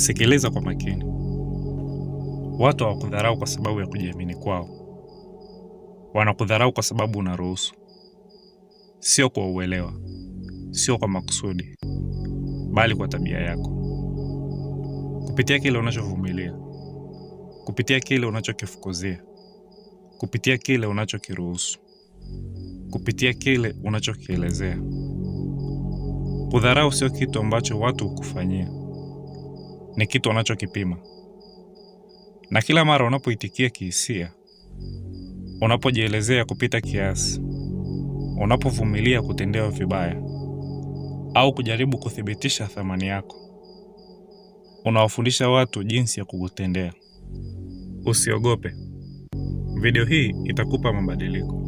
Sikiliza kwa makini. Watu hawakudharau kwa sababu ya kujiamini kwao, wanakudharau kwa sababu unaruhusu, sio kwa uelewa, sio kwa makusudi, bali kwa tabia yako, kupitia kile unachovumilia, kupitia kile unachokifukuzia, kupitia kile unachokiruhusu, kupitia kile unachokielezea. Kudharau sio kitu ambacho watu hukufanyia ni kitu wanachokipima, na kila mara unapoitikia kihisia, unapojielezea kupita kiasi, unapovumilia kutendewa vibaya au kujaribu kuthibitisha thamani yako, unawafundisha watu jinsi ya kukutendea. Usiogope. Video hii itakupa mabadiliko.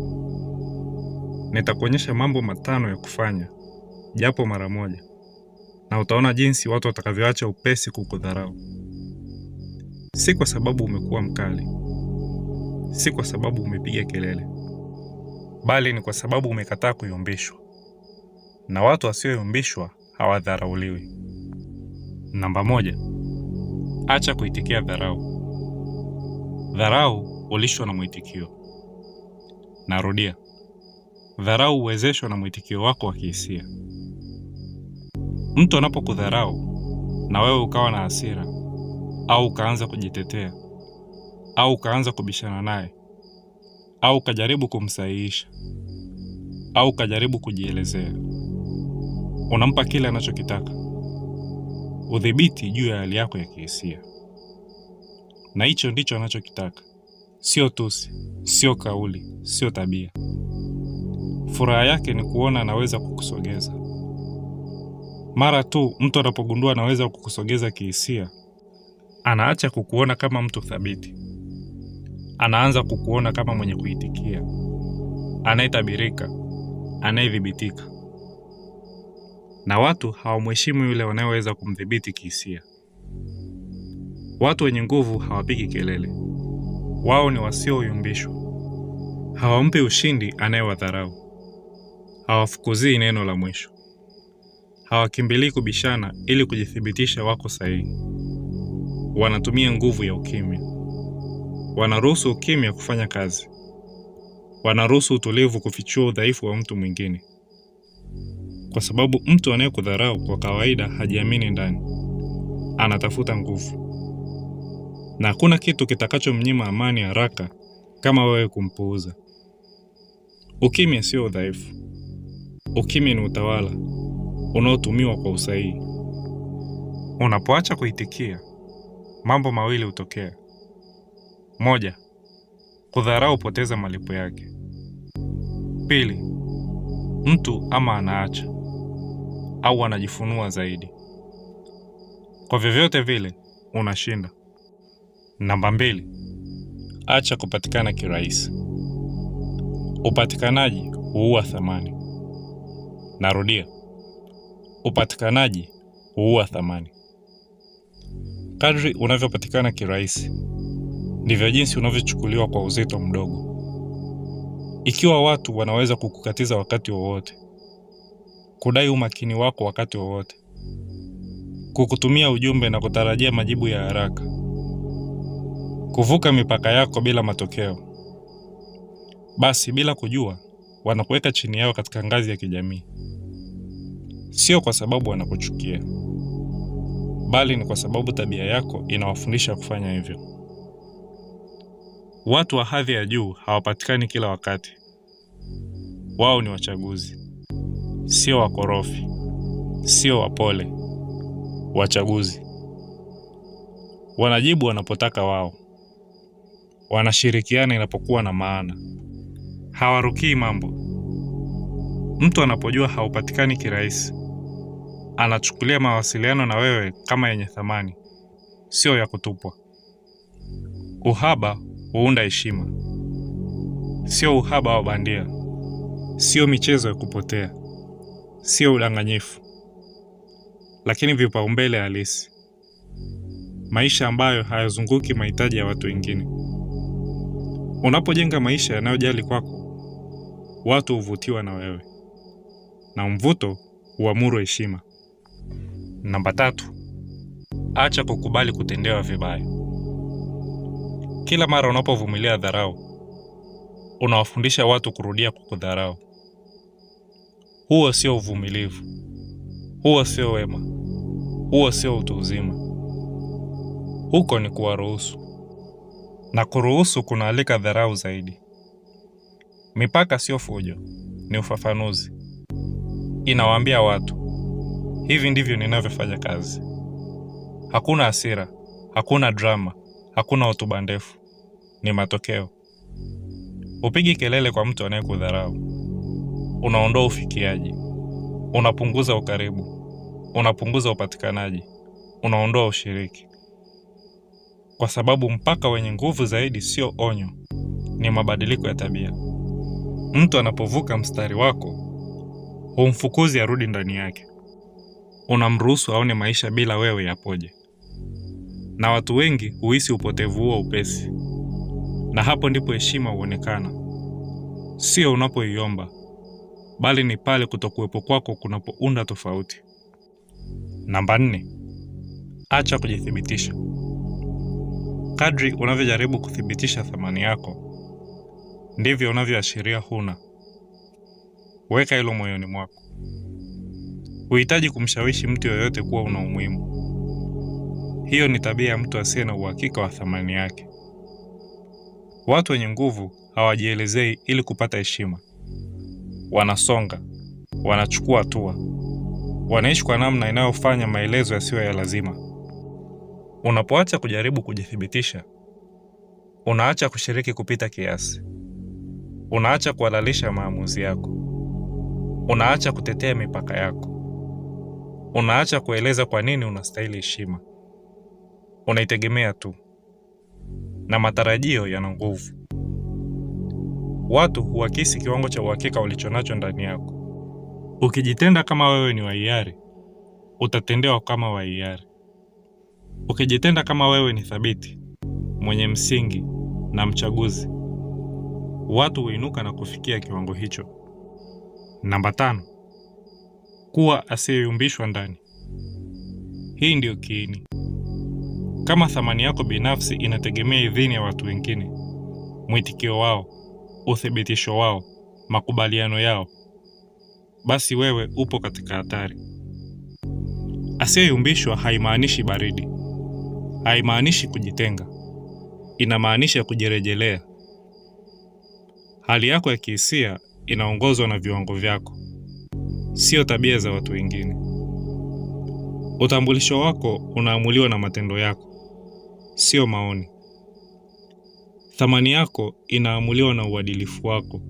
Nitakuonyesha mambo matano ya kufanya japo mara moja na utaona jinsi watu watakavyoacha upesi kukudharau. Si kwa sababu umekuwa mkali, si kwa sababu umepiga kelele, bali ni kwa sababu umekataa kuyumbishwa, na watu wasioyumbishwa hawadharauliwi. Namba moja: acha kuitikia dharau. Dharau ulishwa na mwitikio. Narudia, dharau huwezeshwa na mwitikio wako wa kihisia. Mtu anapokudharau na wewe ukawa na hasira au ukaanza kujitetea au ukaanza kubishana naye au ukajaribu kumsahihisha au ukajaribu kujielezea, unampa kile anachokitaka, udhibiti juu ya hali yako ya kihisia, na hicho ndicho anachokitaka. Sio tusi, sio kauli, sio tabia. Furaha yake ni kuona anaweza kukusogeza mara tu mtu anapogundua anaweza kukusogeza kihisia, anaacha kukuona kama mtu thabiti, anaanza kukuona kama mwenye kuitikia, anayetabirika, anayedhibitika, na watu hawamheshimu yule wanayeweza kumdhibiti kihisia. Watu wenye nguvu hawapigi kelele, wao ni wasioyumbishwa. Hawampi ushindi anayewadharau, hawafukuzii neno la mwisho hawakimbilii kubishana ili kujithibitisha wako sahihi. Wanatumia nguvu ya ukimya, wanaruhusu ukimya kufanya kazi, wanaruhusu utulivu kufichua udhaifu wa mtu mwingine, kwa sababu mtu anayekudharau kwa kawaida hajiamini ndani, anatafuta nguvu, na hakuna kitu kitakachomnyima amani haraka kama wewe kumpuuza. Ukimya sio udhaifu, ukimya ni utawala unaotumiwa kwa usahihi. Unapoacha kuitikia, mambo mawili hutokea: moja, kudharau hupoteza malipo yake; pili, mtu ama anaacha au anajifunua zaidi. Kwa vyovyote vile unashinda. Namba mbili, acha kupatikana kirahisi. Upatikanaji huua thamani. Narudia. Upatikanaji huua thamani. Kadri unavyopatikana kirahisi, ndivyo jinsi unavyochukuliwa kwa uzito mdogo. Ikiwa watu wanaweza kukukatiza wakati wowote, kudai umakini wako wakati wowote, kukutumia ujumbe na kutarajia majibu ya haraka, kuvuka mipaka yako bila matokeo, basi bila kujua wanakuweka chini yao katika ngazi ya kijamii sio kwa sababu wanakuchukia, bali ni kwa sababu tabia yako inawafundisha kufanya hivyo. Watu wa hadhi ya juu hawapatikani kila wakati. Wao ni wachaguzi, sio wakorofi, sio wapole. Wachaguzi wanajibu wanapotaka wao, wanashirikiana inapokuwa na maana, hawarukii mambo. Mtu anapojua haupatikani kirahisi, anachukulia mawasiliano na wewe kama yenye thamani, sio ya kutupwa. Uhaba huunda heshima, sio uhaba wa bandia, sio michezo ya kupotea, sio udanganyifu, lakini vipaumbele halisi, maisha ambayo hayazunguki mahitaji ya watu wengine. Unapojenga maisha yanayojali kwako, watu huvutiwa na wewe, na mvuto huamuru heshima. Namba tatu, acha kukubali kutendewa vibaya. Kila mara unapovumilia dharau, unawafundisha watu kurudia kukudharau. Huo sio uvumilivu, huo sio wema, huo sio utu uzima. Huko ni kuwaruhusu, na kuruhusu kunaalika dharau zaidi. Mipaka sio fujo, ni ufafanuzi. Inawaambia watu Hivi ndivyo ninavyofanya kazi. Hakuna hasira, hakuna drama, hakuna hotuba ndefu. Ni matokeo. Upigi kelele kwa mtu anayekudharau. Unaondoa ufikiaji, unapunguza ukaribu, unapunguza upatikanaji, unaondoa ushiriki, kwa sababu mpaka wenye nguvu zaidi sio onyo, ni mabadiliko ya tabia. Mtu anapovuka mstari wako, humfukuzi arudi ndani yake unamruhusu aone maisha bila wewe yapoje. Na watu wengi huhisi upotevu huo upesi, na hapo ndipo heshima huonekana, sio unapoiomba, bali ni pale kutokuwepo kwako kunapounda tofauti. Namba nne: acha kujithibitisha. Kadri unavyojaribu kuthibitisha thamani yako, ndivyo unavyoashiria huna. Weka hilo moyoni mwako. Huhitaji kumshawishi mtu yoyote kuwa una umuhimu. Hiyo ni tabia ya mtu asiye na uhakika wa thamani yake. Watu wenye nguvu hawajielezei ili kupata heshima. Wanasonga, wanachukua hatua, wanaishi kwa namna inayofanya maelezo yasiyo ya lazima. Unapoacha kujaribu kujithibitisha, unaacha kushiriki kupita kiasi, unaacha kuhalalisha maamuzi yako, unaacha kutetea mipaka yako unaacha kueleza kwa nini unastahili heshima. Unaitegemea tu, na matarajio yana nguvu. Watu huakisi kiwango cha uhakika walichonacho ndani yako. Ukijitenda kama wewe ni wa hiari, utatendewa kama wa hiari. Ukijitenda kama wewe ni thabiti, mwenye msingi na mchaguzi, watu huinuka na kufikia kiwango hicho. Namba tano kuwa asiyeyumbishwa ndani. Hii ndiyo kiini. Kama thamani yako binafsi inategemea idhini ya watu wengine, mwitikio wao, uthibitisho wao, makubaliano yao, basi wewe upo katika hatari. Asiyeyumbishwa haimaanishi baridi, haimaanishi kujitenga, inamaanisha kujirejelea. Hali yako ya kihisia inaongozwa na viwango vyako sio tabia za watu wengine. Utambulisho wako unaamuliwa na matendo yako, sio maoni. Thamani yako inaamuliwa na uadilifu wako,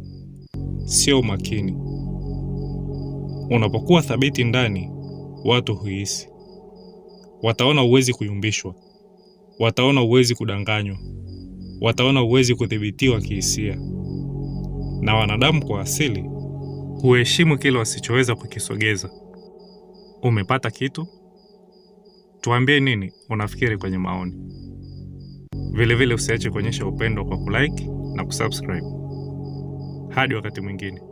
sio umakini. Unapokuwa thabiti ndani, watu huhisi, wataona uwezi kuyumbishwa, wataona uwezi kudanganywa, wataona uwezi kudhibitiwa kihisia, na wanadamu kwa asili Huheshimu kile wasichoweza kukisogeza. Umepata kitu? Tuambie nini unafikiri kwenye maoni. Vilevile vile usiache kuonyesha upendo kwa kulike na kusubscribe. Hadi wakati mwingine.